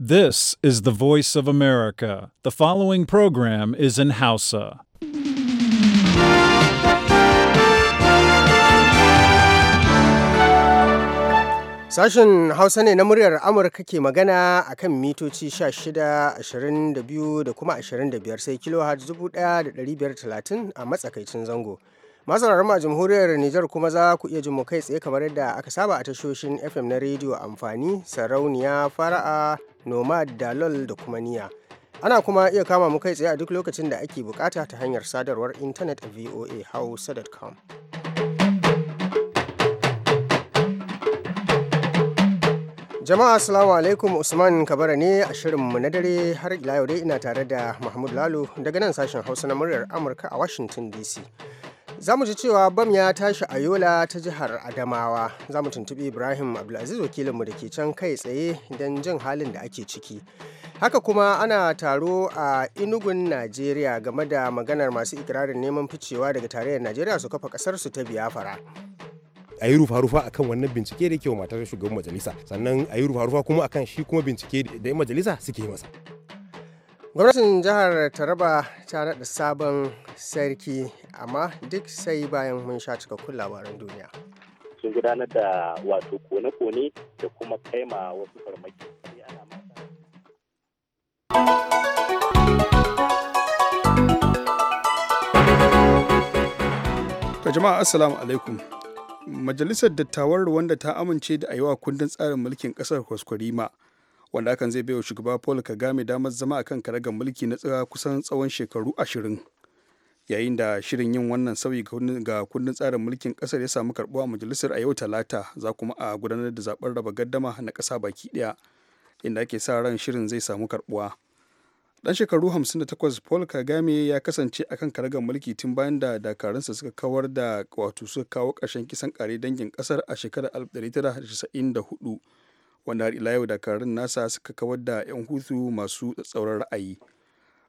This is the voice of America. The following program is in Hausa. Sashen Hausa ne na muryar Amurka ke magana a kan mitoci 16, 22 da kuma 25 sai kilohertz 1530 a matsakaicin zango. masauraran a jamhuriyar Nijar kuma za ku iya jin mu kai tsaye kamar yadda aka saba a tashoshin FM na rediyo amfani sarauniya fara'a nomad dalol da kuma niya ana kuma iya kama mu kai tsaye a duk lokacin da ake bukata ta hanyar sadarwar intanet a voa hausa.com jama'a assalamu alaikum usman kabara ne a shirin mu na dare har ila yau dai ina tare da mahmud lalu daga nan sashen hausa na muryar amurka a washington dc za mu ji cewa bam ya tashi a yola ta jihar adamawa za mu tuntubi ibrahim abdulaziz wakilinmu da ke can kai tsaye don jin halin da ake ciki haka kuma ana taro a inugun najeriya game da maganar masu ikirarin neman ficewa daga tarayyar najeriya su kafa kasarsu ta biyafara a yi rufa-rufa akan wannan bincike da ke wa matar shugaban majalisa sannan a yi rufa-rufa kuma akan shi kuma bincike da majalisa suke masa gwamnatin jihar taraba ta naɗa sabon sarki amma duk sai bayan mun sha cikakkun labaran duniya sun gudanar da wato kone-kone da kuma kaima wasu farmaki ta jama'a assalamu alaikum majalisar dattawar wanda ta amince da a yi wa kundin tsarin mulkin kasar kwaskwarima wanda hakan zai baiwa shugaba paul kagame damar zama akan karagar mulki na kusan tsawon shekaru ashirin yayin da shirin yin wannan sauyi ga kundin tsarin mulkin kasar ya samu karbuwa majalisar a yau talata za kuma a gudanar da zaben raba gaddama na kasa baki daya inda ake sa ran shirin zai samu karbuwa dan shekaru 58 paul kagame ya kasance akan karagar mulki tun bayan da dakarunsa suka kawar da wato suka kawo karshen kisan kare dangin kasar a shekarar 1994 wanda har ila yau dakarun nasa suka kawar da 'yan hutu masu tsauran ra'ayi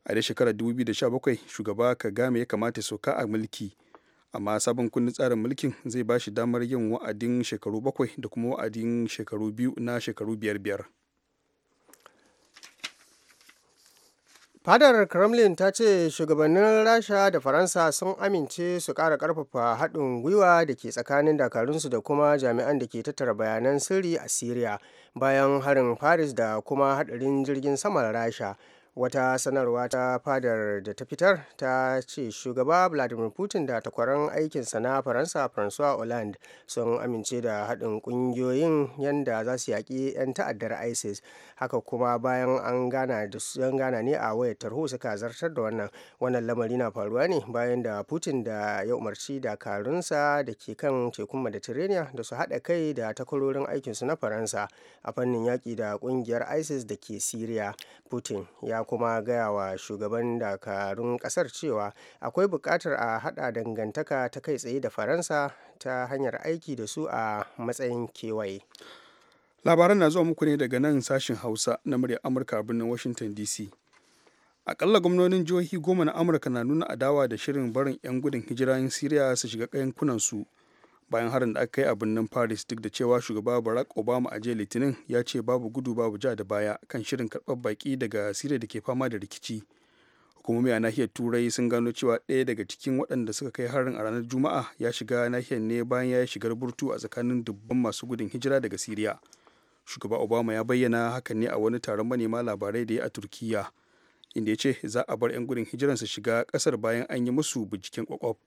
a da shekarar 2017 shugaba kagame ya kamata soka a mulki amma sabon kundin tsarin mulkin zai ba shi damar yin wa'adin shekaru bakwai da kuma wa'adin shekaru biyu na shekaru biyar biyar fadar kremlin ta ce shugabannin rasha da faransa sun amince su kara karfafa haɗin gwiwa da ke tsakanin dakarunsu da kuma jami'an da ke tattara bayanan sirri a syria bayan harin paris da kuma haɗarin jirgin saman rasha wata sanarwa ta fadar da ta fitar ta ce shugaba vladimir putin da takwaran aikinsa na faransa francois hollande sun amince da haɗin ƙungiyoyin yadda za su yaƙi 'yan ta'addar isis haka kuma bayan an gana da yan gana ne a wayar tarho suka zartar da wannan wannan lamari na faruwa ne bayan da putin da ya umarci dakarunsa da ke kan tekun mediterranean da su haɗa kai da takwarorin aikinsu na faransa a fannin yaƙi da ƙungiyar isis da ke syria putin ya kuma gaya wa shugaban dakarun kasar cewa akwai bukatar a haɗa dangantaka ta kai tsaye da faransa ta hanyar aiki da su a matsayin kewaye labaran na zuwa muku ne daga nan sashen hausa na murya amurka birnin washington dc akalla gwamnonin jihohi goma na amurka na nuna adawa da shirin barin 'yan gudun hijira siriya su shiga kayan kunansu bayan harin da aka kai a birnin paris duk da cewa shugaba barack obama a jiya litinin ya ce babu gudu babu ja da baya kan shirin karɓar baƙi daga siriya da ke fama da rikici hukumomi a nahiyar turai sun gano cewa ɗaya daga cikin waɗanda suka kai harin a ranar juma'a ya shiga nahiyar ne bayan ya shigar burtu a tsakanin dubban masu gudun hijira daga siriya shugaba obama ya bayyana hakan ne a wani taron manema labarai da ya a turkiya inda ya ce za a bar 'yan gudun hijiran su shiga ƙasar bayan an yi musu binciken kwakwaf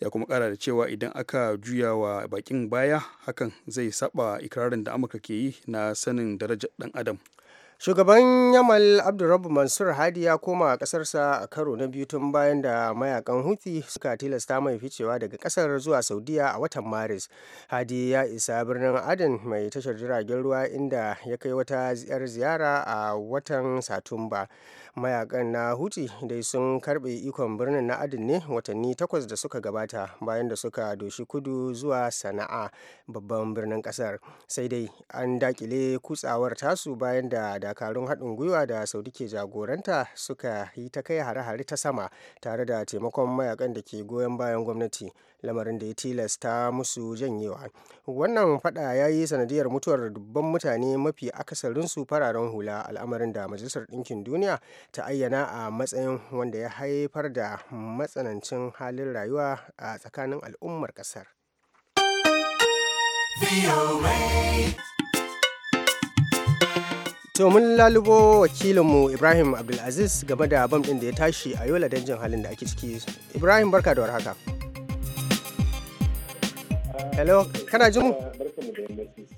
ya kuma kara da cewa idan aka juya wa bakin baya hakan zai saba ikirarin da amurka ke yi na sanin darajar dan adam shugaban yamal abdurrabu mansur hadi ya koma kasarsa a karo na biyu tun bayan da mayakan huthi suka tilasta mai ficewa daga kasar zuwa saudiya a watan maris hadi ya isa birnin aden mai tashar jiragen ruwa inda ya kai wata ziyara a watan satumba mayakan na huti dai sun karbe ikon birnin na adin ne watanni takwas da suka gabata bayan da suka doshi kudu zuwa sana'a babban birnin kasar sai dai an dakile kutsawar tasu bayan da dakarun haɗin gwiwa da saudi ke jagoranta suka yi ta kai hare-hare ta sama tare da taimakon mayakan da ke goyon bayan gwamnati lamarin da ya tilasta musu janyewa wannan fada ya yi sanadiyar mutuwar dubban mutane mafi su fararen hula al'amarin da majalisar ɗinkin duniya ta ayyana a matsayin wanda ya haifar da matsanancin halin rayuwa a tsakanin al'ummar ƙasar. To mun lalubo wakilinmu Ibrahim Abdulaziz game da bam ɗin da ya tashi a Yola don jin halin da ake ciki. Ibrahim barka da warhaka. haka. hello kana ji mu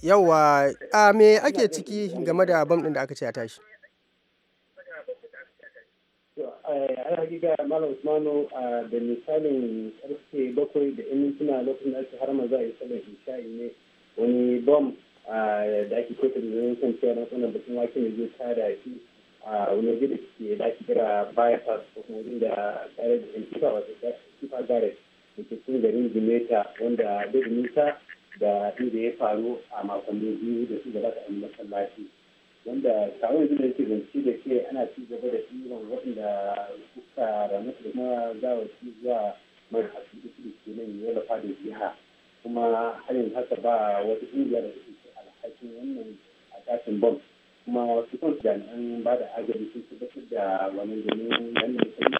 yawa a me ake ciki game da bam din da aka ce a tashi a hakika malam usmanu da misalin karfe bakwai da yan mintuna lokacin da ake harama za a yi sabon isha'i ne wani bom da ake kota da zai san cewa na tsanan bakin wake ne zai tada shi a wani gida ke da ake kira bypass ko kuma wajen da tsare da yan kifa wasu kifa garage da cikin garin jimeta wanda duk nisa da inda ya faru a makonni biyu da su gabata a masallaci wanda kawai yanzu da yake zance da ke ana ci gaba da ɗiban waɗanda suka ramu da kuma zawa shi zuwa mai asibiti da ke nan ya lafa da jiha kuma har yanzu haka ba wata ƙungiya da suke alhakin wannan a tashin bom kuma wasu kan jami'an ba da agaji sun tabbatar da wani domin yanayi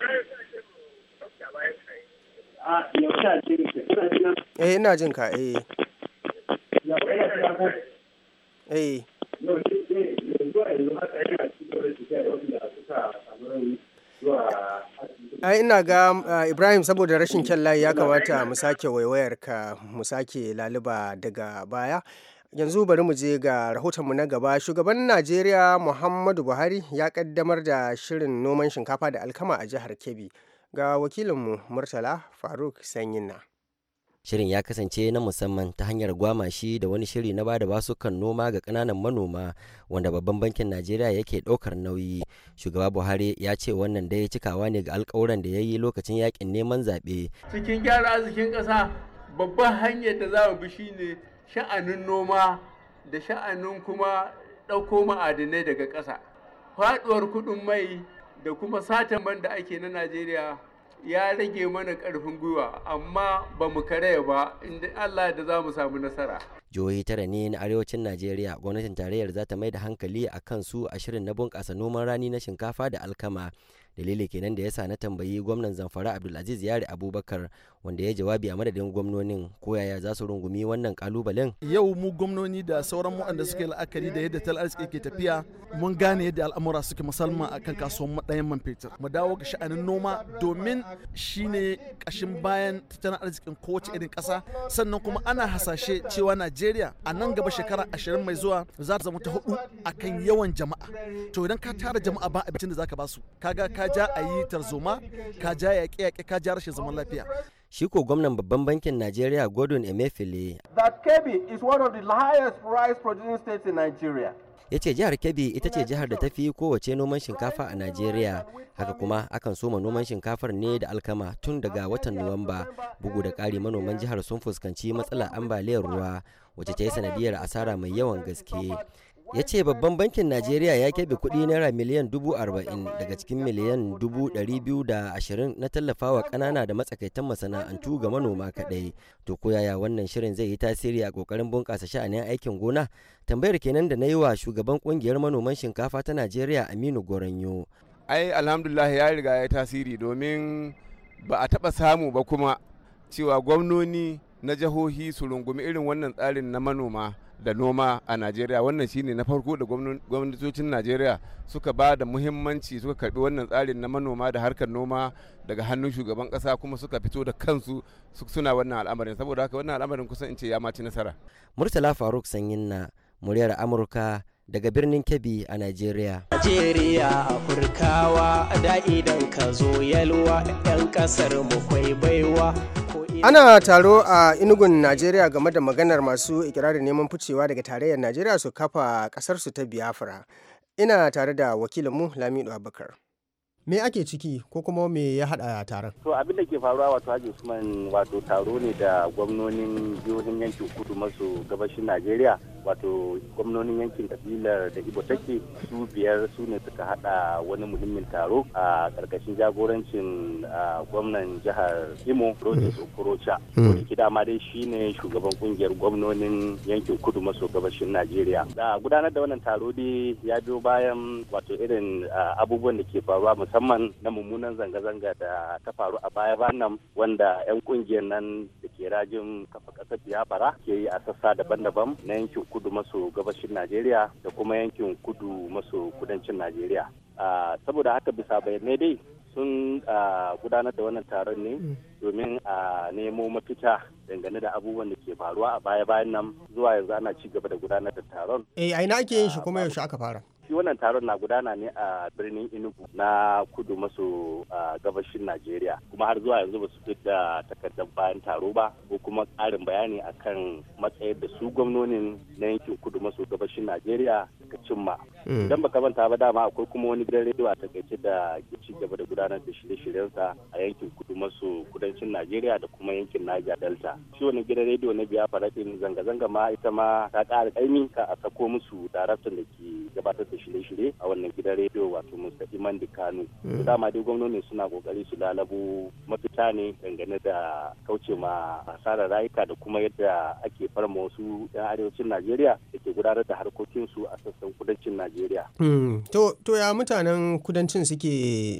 Eh ina jin ka eh. Eh. ai ina ga ah, ibrahim saboda rashin kyan layi ya kamata mu sake waiwayar ka mu sake laluba daga baya yanzu bari mu je ga rahotonmu na gaba shugaban najeriya muhammadu buhari ya kaddamar da shirin noman shinkafa da alkama a jihar kebbi ga wakilinmu murtala faruk sanyinna shirin ya kasance na musamman ta hanyar gwamashi da wani shiri na bada basukan noma ga kananan manoma wanda babban bankin najeriya yake ɗaukar nauyi shugaba buhari ya ce wannan dai cikawa ne ga alkawuran da ya yi lokacin yakin neman zaɓe cikin gyara arzikin ƙasa babban hanyar da za bi shine sha'anin noma da sha'anin kuma ɗauko ma'adinai daga ƙasa faɗuwar kuɗin mai da kuma satan ban da ake na najeriya ya rage mana karfin gwiwa amma ba mu karaya ba inda allah da za mu samu nasara jihohi tara ne na arewacin najeriya gwamnatin tarayyar za ta mai da hankali a kan su shirin na bunƙasa noman rani na shinkafa da alkama dalili kenan da ya sa na tambayi gwamnan zamfara abdulaziz yari abubakar wanda ya jawabi a madadin gwamnonin ko yaya za su rungumi wannan kalubalen yau mu gwamnoni da sauran waɗanda suke la'akari da yadda tal arziki ke tafiya mun gane yadda al'amura suke musamman kan kasuwan madayan man fetur mu dawo ga sha'anin noma domin shine kashin bayan tattalin arzikin kowace irin kasa sannan kuma ana hasashe cewa najeriya a nan gaba shekara ashirin mai zuwa za ta zama ta hudu akan yawan jama'a to idan ka tara jama'a ba abincin da zaka ba su ka. ka ja a yi tarzoma ka ja yaƙe-yaƙe ka ja rashin zaman lafiya shi ko gwamnan babban bankin Najeriya Gordon Emefiele. That Kebbi is one of the highest rice producing in Nigeria. ya ce jihar kebbi ita ce jihar da ta fi kowace noman shinkafa a najeriya haka kuma akan soma noman shinkafar ne da alkama tun daga watan nuwamba bugu da ƙari manoman jihar sun fuskanci matsalar ambaliyar ruwa wacce ta yi sanadiyar asara mai yawan gaske ya ce babban bankin najeriya ya keɓe kuɗi naira miliyan dubu arba'in daga cikin miliyan dubu ɗari biyu da ashirin na tallafawa kanana da matsakaitan masana'antu ga manoma kaɗai to ko yaya wannan shirin zai yi tasiri a kokarin bunƙasa sha'anin aikin gona tambayar kenan da na yi wa shugaban kungiyar manoman shinkafa ta najeriya aminu goranyo ai alhamdulillah ya riga ya tasiri domin ba a taɓa samu ba kuma cewa gwamnoni na jihohi su rungumi irin wannan tsarin na manoma da noma a najeriya wannan shine na farko da gwamnatocin najeriya suka ba da muhimmanci suka karbi wannan tsarin na manoma da harkar noma daga hannun shugaban kasa kuma suka fito da kansu suna wannan al'amarin saboda haka wannan al'amarin kusan in ce ya maci nasara murtala faruk sanyin na muryar amurka daga birnin kebbi a najeriya najeriya a kurkawa da idan ka zo yalwa yan kasar mu kwai baiwa ana taro a inugun najeriya game da maganar masu ikirarin neman ficewa daga tarayyar najeriya su kafa kasarsu ta biafra ina tare da wakilinmu lamido abubakar me ake ciki ko kuma me ya hada taron to abin da ke faruwa wato haji usman wato taro ne da gwamnonin jihohin yankin kudu maso gabashin najeriya wato gwamnonin yankin kabilar da ibo take su biyar su ne suka hada wani muhimmin taro a karkashin jagorancin gwamnan jihar imo rojas okorocha wani kida ma dai shine shugaban kungiyar gwamnonin yankin kudu maso gabashin najeriya da gudanar da wannan taro dai ya biyo bayan wato irin abubuwan da ke faruwa musamman na mummunan zanga-zanga da ta faru a baya nan wanda 'yan kungiyar nan da ke rajin kafa kasar biyabara ke yi a sassa daban-daban na yankin kudu maso gabashin najeriya da kuma yankin kudu maso kudancin najeriya ah, saboda haka bisa bayanai dai sun ah, gudanar da wannan taron ne mm. domin a nemo mafita dangane da abubuwan da ke faruwa a baya-bayan nan zuwa yanzu ana ci gaba da gudanar da taron. Eh, ina ake yin shi ah, kuma yaushe aka fara? shi wannan taron na gudana ne a birnin Enugu na kudu maso gabashin Najeriya kuma har zuwa yanzu ba su da takardar bayan taro ba ko kuma ƙarin bayani akan matsayar da su gwamnonin na yankin kudu maso gabashin Najeriya suka cimma. Hmm. Idan baka manta ba dama akwai kuma wani gidan rediyo a takaice da ke ci gaba da gudanar da shirye-shiryensa a yankin kudu maso kudancin Najeriya da kuma yankin Niger Delta. Shi wani gidan rediyo na biya faraɗin zanga-zanga ma ita ma ta ƙara ƙaimi ka a sako musu daraktan da ke gabatar da shirye-shirye a wannan gidan rediyo wato iman da kano eh. dama dai gwamnoni suna kokari su lalabu mafita ne dangane da kauce ma asarar rayuka da kuma yadda ake farma wasu yan arewacin najeriya da ke gudanar da harkokin su a sassan kudancin najeriya hmm. to ya mutanen kudancin suke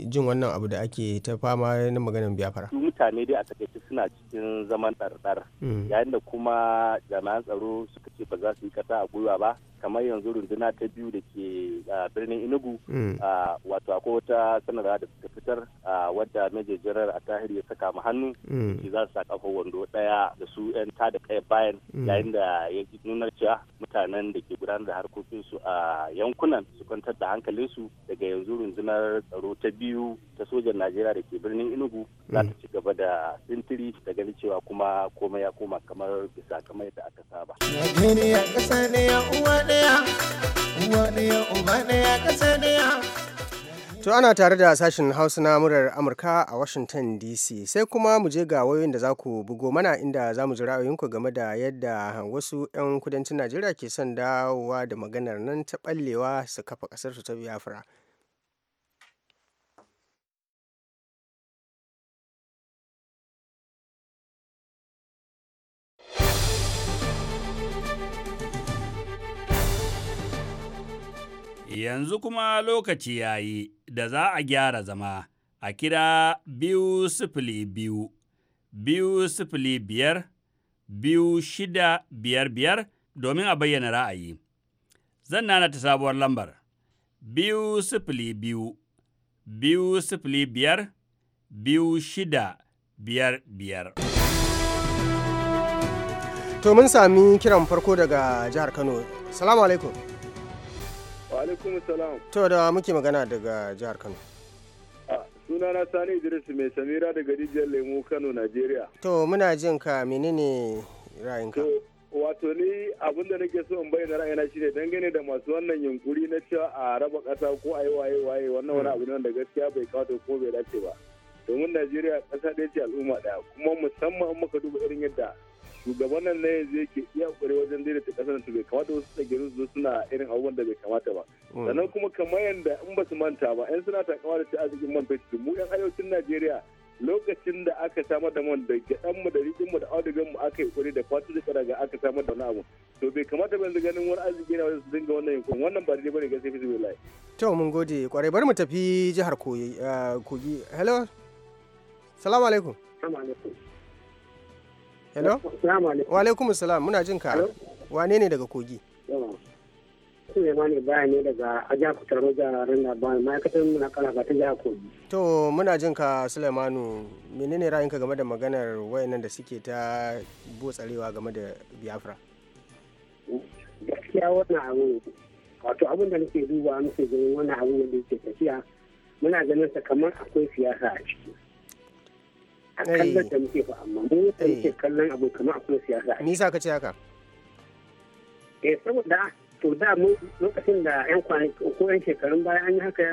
jin wannan abu da ake ta fama na maganin biyafara mutane dai a takaice suna cikin zaman ɗarɗar hmm. yayin da kuma jami'an tsaro suka ce ba za su yi kasa a gwiwa ba kamar yanzu runduna ta biyu da da ke birnin inugu mm. wato akwai wata sanarwa da suka fitar wadda major general a tahiri ya saka mu hannu mm. shi za su saka wando daya da su yan ta da kai bayan mm. yayin da ya nuna cewa mutanen da ke gudanar da harkokin su a yankunan su kwantar da hankalin su daga yanzu rundunar tsaro ta biyu ta sojan najeriya da ke birnin inugu za ta ci gaba da sintiri da ganin cewa kuma komai ya koma kamar bisa kamar yadda aka saba. Najeriya ƙasa ne ya uwa ɗaya To ana tare da sashen Hausa na murar Amurka a Washington DC sai kuma mu je ga wayoyin da za ku bugo mana inda za mu ji ku game da yadda wasu 'yan kudancin Najeriya ke son dawowa da maganar nan ta ɓallewa su kafa su ta Biafra. Yanzu kuma lokaci ya yi da za a gyara zama a kira biyu sifili biyu, biyu sifili biyar, biyu shida biyar biyar domin a bayyana ra'ayi. Zan nana ta sabuwar lambar, biyu sifili biyu, biyu sifili biyar, biyu shida biyar biyar. To mun sami kiran farko daga jihar Kano. Salamu alaikum. wa salam to da muke magana daga jihar kano sunana sani idris mai samira daga rijiyar lemu kano nigeria to muna jin ka menene ra'ayinka wato ni abin da nake so in bayyana ra'ayina shine dangane da masu wannan yunkuri na cewa a raba kasa ko a yi waye waye wannan wani hmm. abu ne wanda gaskiya bai kawo ko bai dace ba domin najeriya kasa ɗaya ce al'umma ɗaya kuma musamman muka duba irin yadda shugaban nan ne zai ke iya kware wajen daidaita kasar tube bai kamata wasu tsagirin su suna irin abubuwan da bai kamata ba mm. sannan kuma kamar yadda in ba su manta ba yan suna kawar da ta arzikin man fetur mu yan arewacin najeriya lokacin da aka samar da man da gyaɗan mu da rikin mu da audigan mu aka yi kuri da fatu da karaga aka samar da wani abu to bai kamata ba yanzu ganin wani arziki na wajen su dinga wannan yankun wannan ba daidai ne ga sai fisu layi. to mun gode kware bari mu tafi jihar eh, kogi hello salamu alaikum salamu alaikum hello wa alaikum salam muna jin ka wane ne daga kogi ne daga muna kala ta Kogi. To muna jin ka Suleimanu menene ra'ayinka game da maganar wayannan da suke ta botsarewa game da Biafra? Gaskiya wannan abu wato abin da nake duba nake ganin wannan abu da yake tafiya muna ganin sa kamar akwai siyasa a ciki. kallon eh. da muke fa amma mu da muke eh. kallon abu kamar akwai siyasa me yasa ka ce haka eh saboda to da mu lokacin da yan kwanaki ko yan shekarun baya an yi haka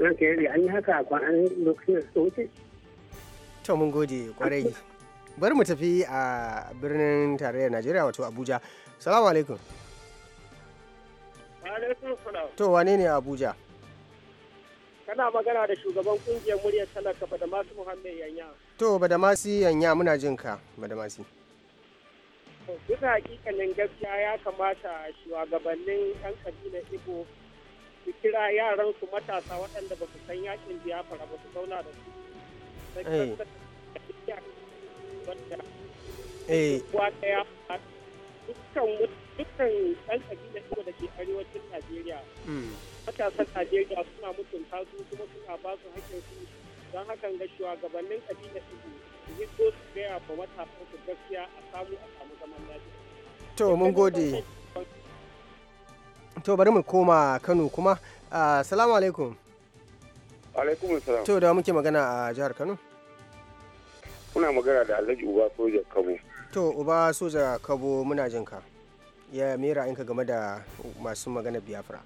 ranka yare an yi haka a kwanan lokacin da suka wuce to mun gode kwarai bari mu tafi a birnin tarayyar najeriya wato abuja salamu alaikum to wane ne abuja kana magana da shugaban kungiyar muryar talaka badamasi muhammed yanya to badamasi yanya muna jin ka badamasi bisa hakikalin gaskiya ya kamata shugabannin yan kabilar igbo su kira yaran su matasa waɗanda ba su san yakin biyafara ba su zauna da su eh. eh. dukkan mutane dukkan ɗan kabila kuma da ke arewacin Najeriya. Hmm. Matasan Najeriya suna mutunta su kuma suna ba su hakkin su don hakan ga shugabannin kabila su yi so su gaya ba matasan su gaskiya a samu a samu zaman lafiya. To mun gode. To bari mu koma Kano kuma. Assalamu ah, alaikum. Alaikum salam. To da muke magana a jihar Kano. Kuna magana da Alhaji Uba Soja Kabo. To Uba Soja Kabo muna jinka. ka. ya me ra'ayinka game da masu magana biafra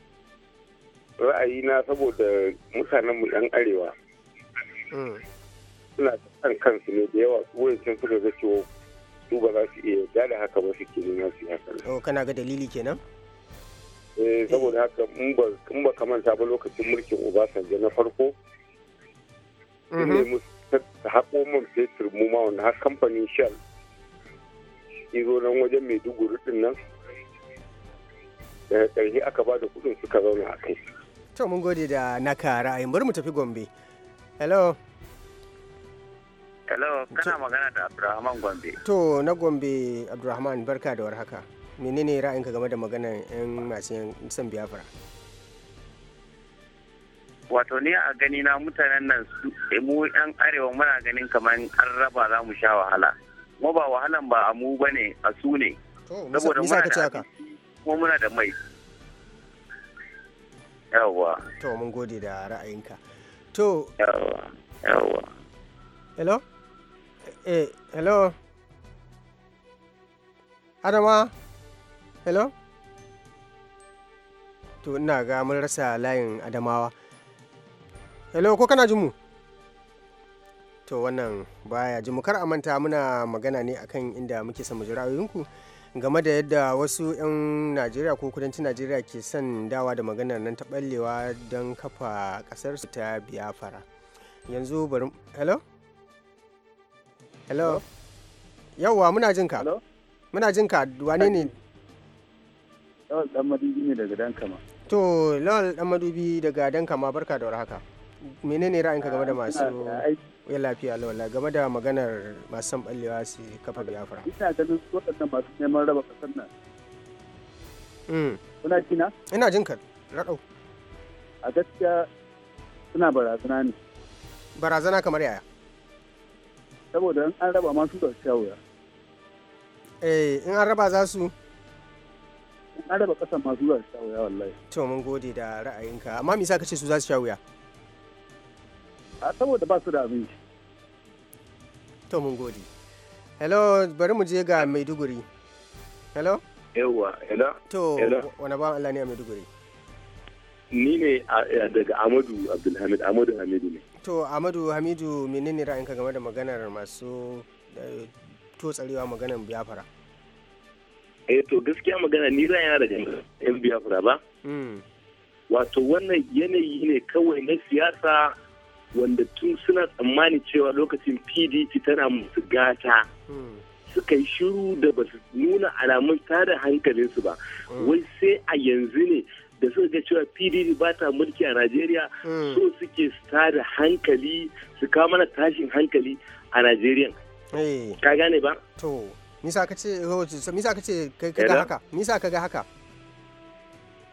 na saboda mutanen mu dan arewa hmm. suna kan kansu ne da yawa su yankin su da cewa su ba za su iya yarda da haka ba su ke nuna su haka oh kana ga dalili kenan eh, eh. saboda haka in ba kamanta ba lokacin mulkin obasanjo na farko da mhm. ta haƙo man fetur mu ma wanda har kamfanin shell zo nan wajen maiduguri din nan daga ƙarshe aka ba da kuɗin suka zauna a kai to mun gode da naka ra'ayin bari mu tafi gombe hello hello kana magana da abdulrahman gombe to na gombe abdulrahman barka da warhaka menene ra'ayinka game da maganar yan masu yan san biafra wato ne a gani na mutanen nan su eh, mu yan arewa muna ganin kamar an raba za mu sha wahala kuma ba wahalan ba a mu bane a su ne saboda muna da kuma muna da mai yawwa to mun gode da ra'ayinka to yawwa yawwa hello eh hello adama hello to ina ga mun rasa layin adamawa hello ko kana jimu to wannan baya jimu kar a manta muna magana ne akan inda muke samu ra'ayoyinku game da yadda wasu 'yan najeriya ko kudancin najeriya ke son dawa da maganar nan ta ɓallewa don kafa ƙasar su ta biafara. yanzu bari hello hello yauwa muna jin ka muna jin ka wane ne lawal dan madubi ne daga dan kama to lawal dan madubi daga dan kama barka da warhaka menene ra'ayinka game da ah, masu aiki ya lafiya lawala game da maganar masu ɓallewa ballewa su kafa biyafra ina ganin waɗannan masu neman raba kasar nan hmm. kuna jina ina jin ka raɗau a gaskiya suna barazana ne barazana kamar yaya saboda in an raba masu da shawuya eh in an raba za su in an raba kasan masu da shawuya wallahi to mun gode da ra'ayinka amma me ka ce su za su shawuya a saboda ba su da abinci to mun gode hello bari mu je ga maiduguri hello yawa hello to wani ba allah ne a maiduguri ni ne daga amadu abdulhamid amadu hamidu ne to amadu hamidu menene ra'ayinka game da maganar masu tsarewa maganar biyafara eh to gaskiya magana ni ra'ayina da yan biyafara ba hmm. wato wannan yanayi ne kawai na siyasa wanda tun suna tsammani cewa lokacin pdp tana musu gata hmm. suka yi shiru da ba su nuna alamun tada hankalinsu ba hmm. wai sai a yanzu ne da suka ga cewa pdp ba ta mulki a najeriya hmm. so suke tada hankali su kama mana tashin hankali a najeriya eh. ka gane ba to nisa ka ce nisa ka ce ka ga haka nisa ka ga haka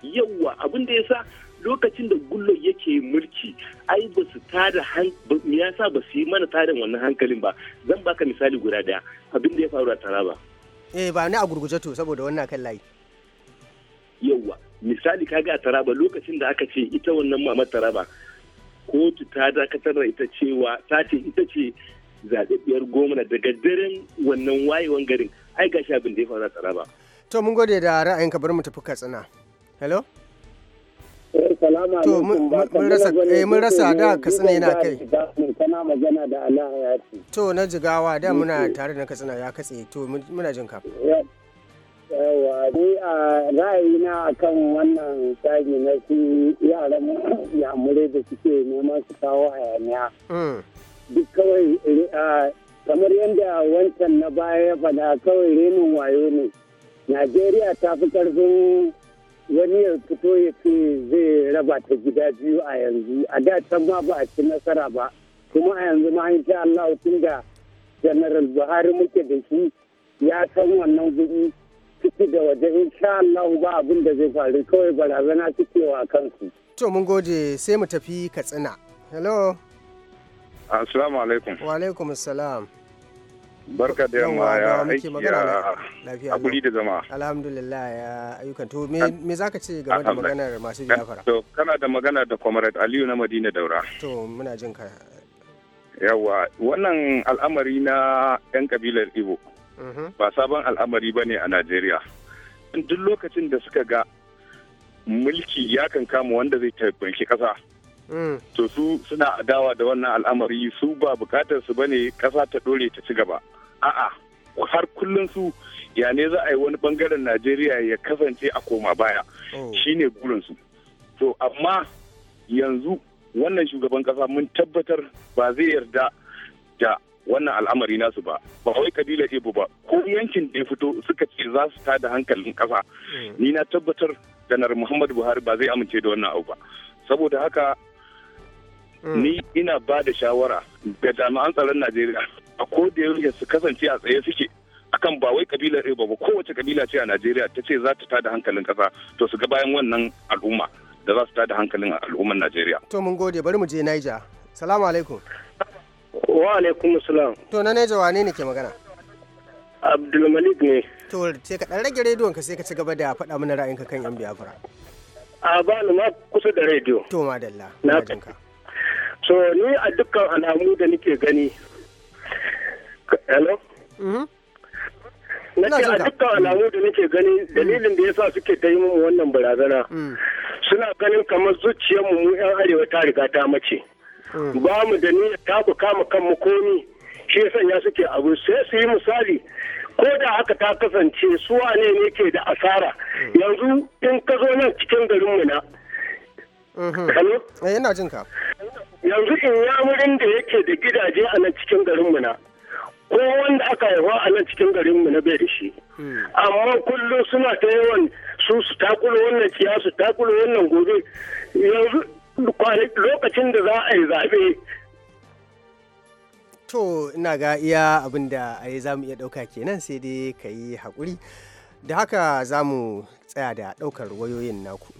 yawwa abin da sa. lokacin da gullo yake mulki ai ba su tada ya yasa ba su yi mana tarin wannan hankalin ba zan baka misali guda daya abin da ya faru a taraba eh ba ni a gurguje to saboda wannan kan layi yawwa misali kaga a taraba lokacin da aka ce ita wannan mamar taraba kotu ta dakatar da ita cewa ta ce ita ce zaɓaɓɓiyar gwamna daga daren wannan wayewan garin ai gashi abin da ya faru a taraba to mun gode da ra'ayinka bari mu tafi katsina hello To mun rasa eh mun rasa da Katsina yana kai. Kana magana da Allah ya ci. To na jigawa da muna tare da Katsina ya katse to muna jin ka. Yawa ni a ra'ayina akan wannan tsari na su yaran yamurai da suke neman su kawo hayaniya. Mm. Duk kawai kamar yadda wancan na baya ya faɗa kawai renin wayo ne. Najeriya ta fi karfin. wani ya fito ya ce zai raba ta gida biyu a yanzu a da can ma ba a ci nasara ba kuma a yanzu ma insha Allah tun da General Buhari muke da shi ya san wannan gudu ciki da waje insha Allah ba abin da zai faru kawai barazana suke wa kansu. To mun gode sai mu tafi Katsina. Hello. Assalamu alaikum. Wa alaikum assalam. barka da yamma ya aiki ya hakuri da zama alhamdulillah ya ayyukan to me za ka ce game da maganar masu biyafara to kana da magana da comrade aliyu na madina daura to muna jin ka yawa wannan al'amari na yan kabilar ibo mm-hmm. ba sabon al'amari ba ne a najeriya duk lokacin da suka ga mulki ya kan kama wanda zai tabbanshi kasa mm. to su suna adawa da wannan al'amari su ba bukatar su bane kasa ta dore ta ci gaba a'a har kullum su ya ne za a yi wani bangaren najeriya ya kasance a koma baya oh. shine burinsu to amma yanzu wannan shugaban kasa mun tabbatar ba zai yarda da wannan al'amari nasu ba ba wai kabila ibo ba ko yankin da ya fito suka ce za su tada hankalin kasa hmm. ni na tabbatar janar muhammadu buhari ba zai amince da wannan abu ba saboda haka hmm. ni ina ba da shawara ga jami'an tsaron najeriya a ko da yaushe su kasance a tsaye suke akan ba wai kabilar ɗaya ba kowace kabila ce a Najeriya ta ce za ta tada hankalin kasa to su ga bayan wannan al'umma da za su tada hankalin al'ummar Najeriya. To mun gode bari mu je naija Salamu alaikum. Wa alaikum salam. To na naija wane ne ke magana? Abdulmalik ne. To sai ka ɗan rage rediyon ka sai ka ci gaba da faɗa mana ra'ayinka kan yan Biafra. A ba ni ma kusa da rediyo. To madalla. Na jinka. So ni a dukkan alamu da nake gani Hello? Mm-hmm. Na ce a dukkan alamu da nake gani mm. dalilin da ya sa suke ta yi mu wannan barazana. Mm. Suna ganin kamar zuciyarmu mu 'yan arewa ta riga ta mace. Mm. Ba mu da niyyar ta ku kama kanmu komi shi ya sanya suke abu sai su yi misali ko da haka ta kasance su wane ne ke da asara yanzu in ka zo nan cikin garinmu na. Mhm. Eh, jin ka. Yanzu in yamurin da yake da gidaje a nan cikin garinmu na. Ko wanda aka haifa a nan cikin garinmu na bai da shi. Hmm. Amma kullum suna ta yawan su su takulo wannan ciya su takulo wannan gobe. Yanzu lokacin da za a yi zaɓe to ina ga iya abin da a yi za mu iya ɗauka kenan sai dai ka yi haƙuri da haka za mu tsaya da ɗaukar wayoyin naku.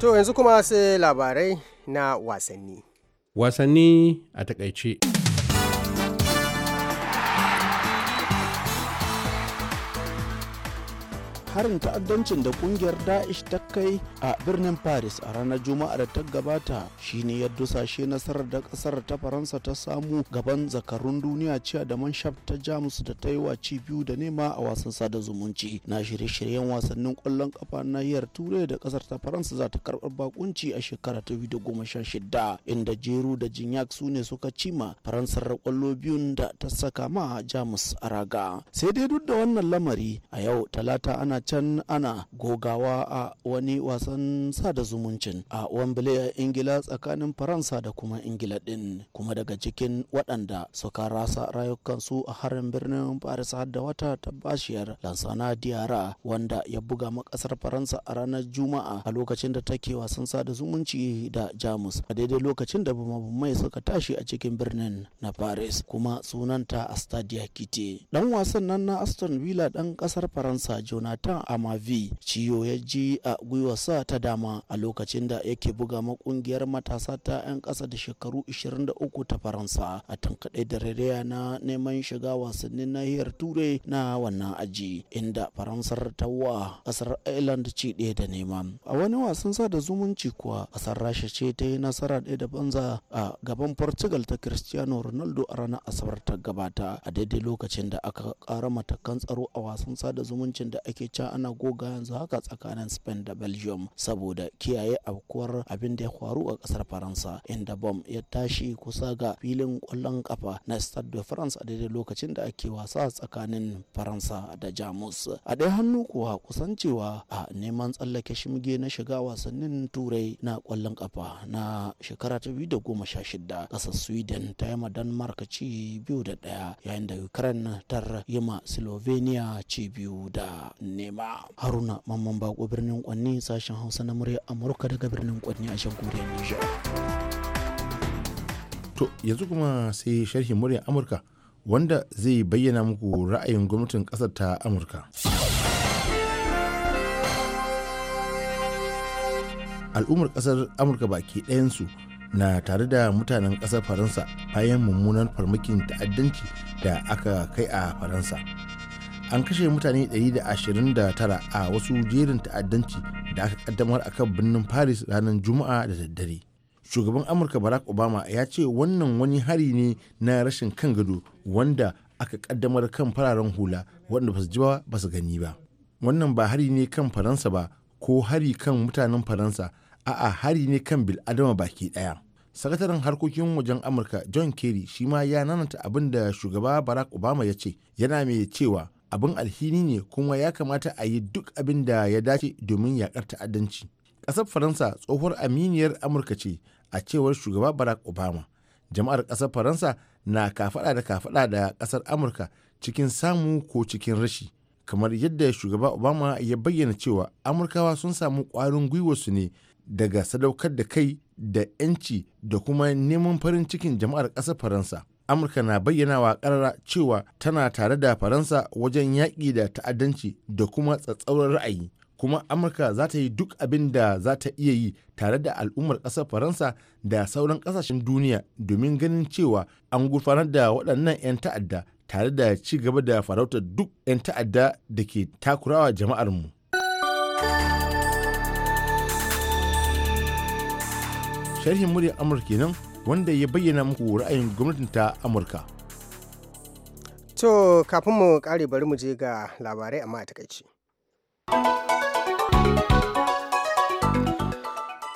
To yanzu kuma sai labarai na wasanni. Wasanni a takaice. harin ta'addancin da kungiyar da'ish ta kai a birnin paris a ranar juma'a da ta gabata shine ya dusashe nasarar da kasar ta faransa ta samu gaban zakarun duniya cewa da manshaf ta jamus da ta yi wa ci biyu da nema a wasan sada zumunci na shirye-shiryen wasannin kwallon kafa nahiyar turai da kasar ta faransa za ta karbar bakunci a shekara ta biyu da goma sha shida inda jeru da jinyak su ne suka cima faransar da kwallo biyun da ta saka ma jamus a raga sai dai duk da wannan lamari a yau talata ana can ana gogawa a wani wasan sada zumuncin a wambale a ingila tsakanin faransa da kuma ingila din kuma daga cikin waɗanda suka rasa rayukansu a harin birnin paris har da wata tabbashiyar lansana diara wanda ya buga makasar faransa a ranar juma'a a lokacin da take wasan sada zumunci da jamus a daidai lokacin da bumabumai suka tashi a cikin birnin na paris kuma sunanta a stadia kite dan wasan nan na aston villa dan kasar faransa jonathan karan amavi ciyo ya ji a gwiwarsa ta dama a lokacin da yake buga makungiyar matasa ta 'yan kasa da shekaru 23 ta faransa a tankaɗe da rariya na neman shiga wasannin nahiyar turai na wannan aji inda faransar ta wa ƙasar ireland ci ɗaya da nema a wani wasan sada zumunci kuwa ƙasar rasha ce ta yi nasara ɗaya da banza a gaban portugal ta cristiano ronaldo a ranar asabar ta gabata a daidai lokacin da aka ƙara matakan tsaro a wasan sada zumuncin da ake can sha ana goga yanzu haka tsakanin Spain da Belgium saboda kiyaye afkuwar abin da ya faru a kasar Faransa inda bom ya tashi kusa ga filin kwallon kafa na Stade de France a daidai lokacin da ake wasa tsakanin Faransa da Jamus. A ɗaya hannu kuwa kusancewa a neman tsallake shimge na shiga wasannin Turai na kwallon kafa na shekara ta biyu da goma sha shida kasar Sweden ta yi ma Denmark ci biyu da ɗaya yayin da Ukraine ta yi ma Slovenia ci biyu da nema. ba. haruna mamman bako birnin kwanni sashen hausa na murya amurka daga birnin kwanni a shan kuriyar nijar to yanzu kuma sai sharhin muryar amurka wanda zai bayyana muku ra'ayin gwamnatin ƙasar ta amurka al'ummar ƙasar amurka baki ɗayansu na tare da mutanen ƙasar faransa bayan mummunan farmakin ta'addanci da aka kai a faransa an kashe mutane 129 a wasu jerin ta'addanci da aka kaddamar a kan birnin paris ranar juma'a da daddare shugaban amurka barack obama ya ce wannan wani hari ne na rashin kan gado wanda aka kaddamar kan fararen hula wanda basu ji ba basu gani ba wannan ba hari ne kan faransa ba ko hari kan mutanen faransa a'a hari ne kan bil'adama baki daya sakataren harkokin wajen amurka john kerry shi ma ya nanata abin da shugaba barack obama ya ce yana mai cewa abin alhini ne kuma ya kamata a yi duk abin da ya dace domin yakar ta'addanci ƙasar faransa tsohuwar aminiyar amurka ce a cewar shugaba barack obama jama'ar ƙasar faransa na kafaɗa da kafaɗa da ƙasar amurka cikin samu ko cikin rashi kamar yadda shugaba obama ya bayyana cewa amurkawa sun samu ƙwarin su ne daga sadaukar da kai da 'yanci da kuma neman farin cikin jama'ar ƙasar faransa amurka na bayyana wa karara cewa tana tare da faransa wajen yaƙi da ta'addanci da kuma tsatsauran ra'ayi kuma amurka za ta yi duk abin da za ta iya yi tare da al'ummar ƙasar faransa da sauran ƙasashen duniya domin ganin cewa an gurfanar da waɗannan 'yan ta'adda tare da ci gaba da farautar duk 'yan ta'adda da ke takurawa jama'armu. sharhin muryar amurka kenan wanda ya bayyana muku ra'ayin gwamnatin ta amurka to kafin mu kare bari mu je ga labarai amma a takaici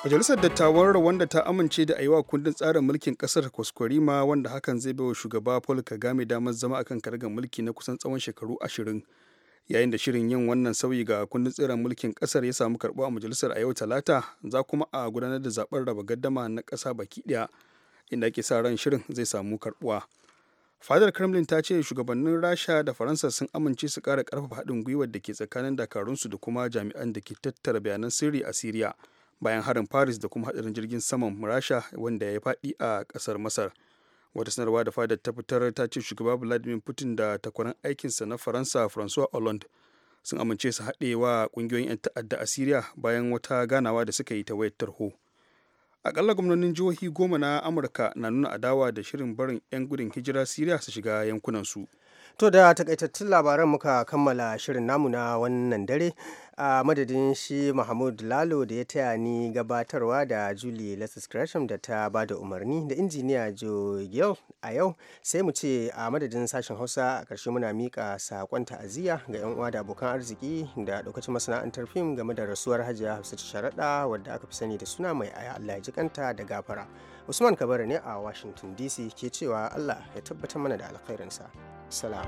majalisar dattawar wanda ta amince da aiwa kundin tsarin mulkin kasar kwaskwarima wanda hakan zai wa shugaba paul kagame damar zama akan kargar mulki na kusan tsawon shekaru ashirin yayin da shirin yin wannan sauyi ga kundin tsarin mulkin kasar ya samu karɓo a majalisar a yau talata za kuma a gudanar da zaben raba gaddama na kasa baki daya. inda ake sa ran shirin zai samu karbuwa fadar kremlin ta ce shugabannin rasha da faransa sun amince su kara karfafa haɗin gwiwar da ke tsakanin dakarunsu da kuma jami'an da ke tattara bayanan sirri a siriya bayan harin paris da kuma haɗarin jirgin saman rasha wanda ya faɗi a ƙasar masar wata sanarwa da fadar ta fitar ta ce shugaba vladimir putin da takwaran aikinsa na faransa francois hollande sun amince su haɗe wa ƙungiyoyin 'yan ta'adda a siriya bayan wata ganawa da suka yi ta wayar tarho akalla gwamnonin jihohi goma na amurka na nuna adawa da shirin barin 'yan gudun hijira siriya su shiga yankunansu To da takaitattun labaran muka kammala shirin namuna wannan dare a madadin shi Mahmud Lalo da ya taya ni gabatarwa da Julie Lesis Gresham da ta ba da umarni da injiniya Joe a yau sai mu ce a madadin sashen Hausa a ƙarshe muna mika sakon ta'aziyya ga 'yan uwa da abokan arziki da ɗaukacin masana'antar fim game da rasuwar Hajiya Hafsatu Sharaɗa wadda aka fi sani da suna mai aya Allah ya da gafara. usman kabara ne a washington dc ke cewa allah ya tabbatar mana da alkhairinsa salam